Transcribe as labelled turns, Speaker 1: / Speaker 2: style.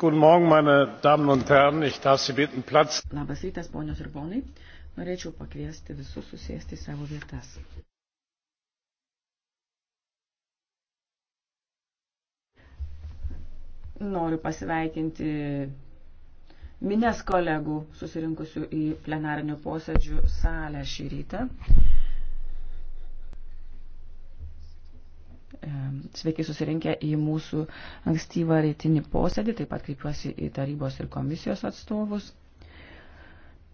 Speaker 1: Guten Morgen, meine Damen und Herren. Ich darf Sie bitten, Platz. Labas rytas, ponios ir ponai.
Speaker 2: Norėčiau pakviesti visus susėsti į savo vietas.
Speaker 3: Noriu pasveikinti minės kolegų susirinkusių į plenarinių posėdžių salę šį rytą. sveiki susirinkę į mūsų ankstyvą reitinį posėdį, taip pat kreipiuosi į tarybos ir komisijos atstovus.